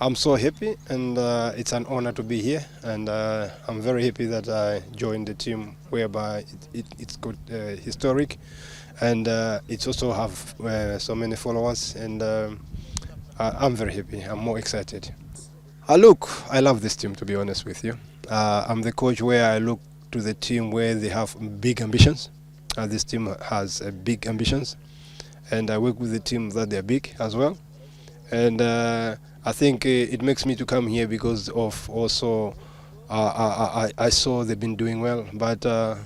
I'm so happy and uh, it's an honor to be here and uh, I'm very happy that I joined the team whereby it, it, uh, historic and uh, it also have uh, so many followers and uh, I'm very happy, I'm more excited. I look, I love this team to be honest with you. Uh, I'm the coach where I look to the team where they have big ambitions. Uh, this team has uh, big ambitions and I work with the team that they're big as well. And uh, I think uh, it makes me to come here because of also uh, I, uh, uh, I, I, saw they've been doing well, but uh,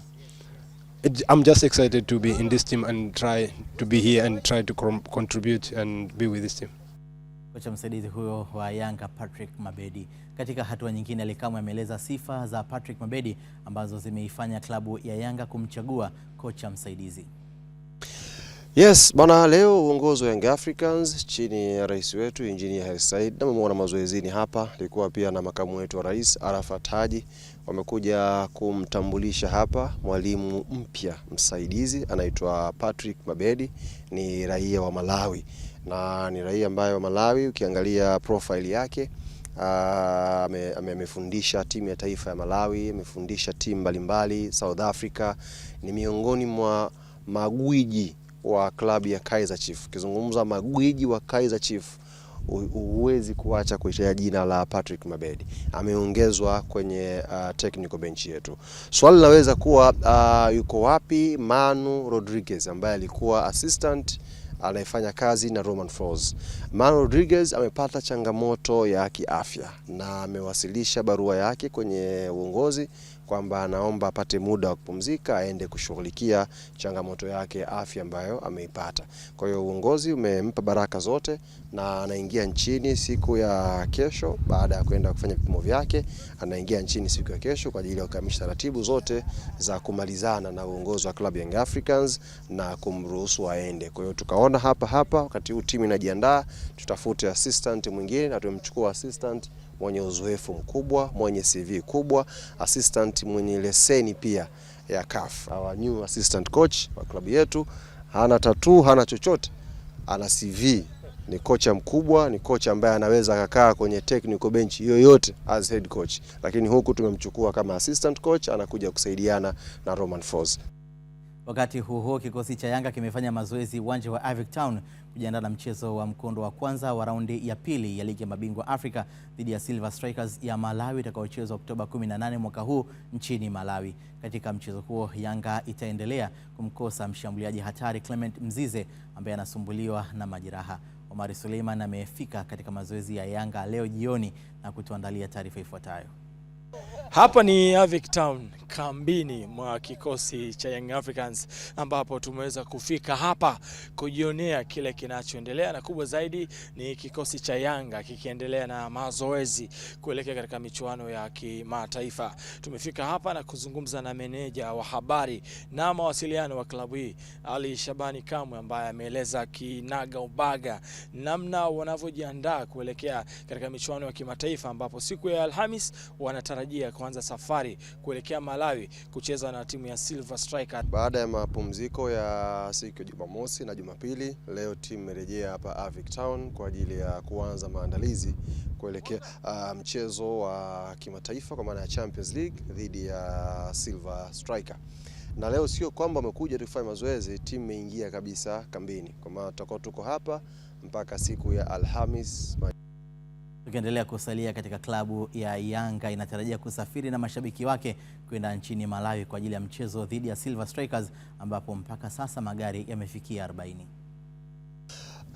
it, I'm just excited to be in this team and try to be here and try to contribute and be with this team. Kocha msaidizi huyo wa Yanga Patrick Mabedi. Katika hatua nyingine, alikamwe ameeleza sifa za Patrick Mabedi ambazo zimeifanya klabu ya Yanga kumchagua kocha msaidizi. Yes, bwana leo uongozi wa Young Africans chini ya rais wetu Engineer Hersi Said na mmeona mazoezini hapa, alikuwa pia na makamu wetu wa rais Arafat Haji wamekuja kumtambulisha hapa mwalimu mpya msaidizi anaitwa Patrick Mabedi, ni raia wa Malawi na ni raia ambaye wa Malawi ukiangalia profile yake ah, amefundisha timu ya taifa ya Malawi, amefundisha timu mbalimbali South Africa, ni miongoni mwa magwiji wa klabu ya Kaizer Chiefs. Ukizungumza magwiji wa Kaizer Chiefs huwezi kuacha kuitaja jina la Patrick Mabedi. Ameongezwa kwenye uh, technical bench yetu. Swali linaweza kuwa uh, yuko wapi Manu Rodriguez ambaye alikuwa assistant anayefanya kazi na Roman Falls. Manu Rodriguez amepata changamoto ya kiafya na amewasilisha barua yake kwenye uongozi kwamba anaomba apate muda wa kupumzika, aende kushughulikia changamoto yake ya afya ambayo ameipata. Kwa hiyo uongozi umempa baraka zote na anaingia nchini siku ya kesho, baada ya kwenda kufanya vipimo vyake, anaingia nchini siku ya kesho kwa ajili ya kukamilisha taratibu zote za kumalizana na uongozi wa klabu Young Africans na kumruhusu aende. Kwa hiyo tukaona hapa hapa, wakati huu timu inajiandaa, tutafute assistant mwingine na tumemchukua assistant mwenye uzoefu mkubwa, mwenye CV kubwa, assistant mwenye leseni pia ya CAF. Our new assistant coach wa klabu yetu hana tatuu, hana chochote, ana CV ni kocha mkubwa, ni kocha ambaye anaweza akakaa kwenye technical bench yoyote as head coach, lakini huku tumemchukua kama assistant coach, anakuja kusaidiana na Roman Folz. Wakati huo huo, kikosi cha Yanga kimefanya mazoezi uwanja wa Avic Town kujiandaa na mchezo wa mkondo wa kwanza wa raundi ya pili ya ligi ya mabingwa Afrika dhidi ya Silver Strikers ya Malawi itakaochezwa Oktoba 18 mwaka huu nchini Malawi. Katika mchezo huo, Yanga itaendelea kumkosa mshambuliaji hatari Clement Mzize ambaye anasumbuliwa na majeraha. Omari Suleiman amefika katika mazoezi ya Yanga leo jioni na kutuandalia taarifa ifuatayo. Hapa ni Avic Town kambini mwa kikosi cha Young Africans ambapo tumeweza kufika hapa kujionea kile kinachoendelea, na kubwa zaidi ni kikosi cha Yanga kikiendelea na mazoezi kuelekea katika michuano ya kimataifa. Tumefika hapa na kuzungumza na meneja wa habari na mawasiliano wa klabu hii Ali Shabani Kamwe, ambaye ameeleza kinaga ubaga namna wanavyojiandaa kuelekea katika michuano ya kimataifa ambapo siku ya Alhamis wanatarajia kuanza safari kuelekea Malawi kucheza na timu ya Silver Strikers. Baada ya mapumziko ya siku ya Jumamosi na Jumapili, leo timu imerejea hapa Avic Town kwa ajili ya kuanza maandalizi kuelekea uh, mchezo wa kimataifa kwa maana ya Champions League dhidi ya Silver Strikers na leo sio kwamba wamekuja kufanya mazoezi, timu imeingia kabisa kambini, kwa maana tutakuwa tuko hapa mpaka siku ya Alhamis. Tukiendelea kusalia katika klabu ya Yanga inatarajia kusafiri na mashabiki wake kwenda nchini Malawi kwa ajili ya mchezo dhidi ya Silver Strikers ambapo mpaka sasa magari yamefikia 40.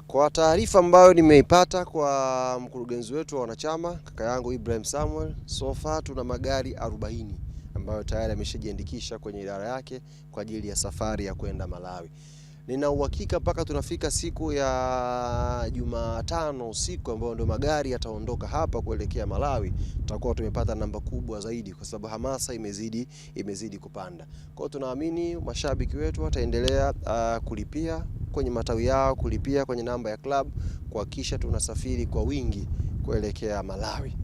Kwa taarifa ambayo nimeipata kwa mkurugenzi wetu wa wanachama kaka yangu Ibrahim Samuel, sofa tuna magari 40 ambayo tayari ameshajiandikisha kwenye idara yake kwa ajili ya safari ya kwenda Malawi. Nina uhakika mpaka tunafika siku ya Jumatano usiku ambayo ndio magari yataondoka hapa kuelekea Malawi, tutakuwa tumepata namba kubwa zaidi, kwa sababu hamasa imezidi, imezidi kupanda. Kwa hiyo tunaamini mashabiki wetu wataendelea uh, kulipia kwenye matawi yao, kulipia kwenye namba ya klabu, kuhakikisha tunasafiri kwa wingi kuelekea Malawi.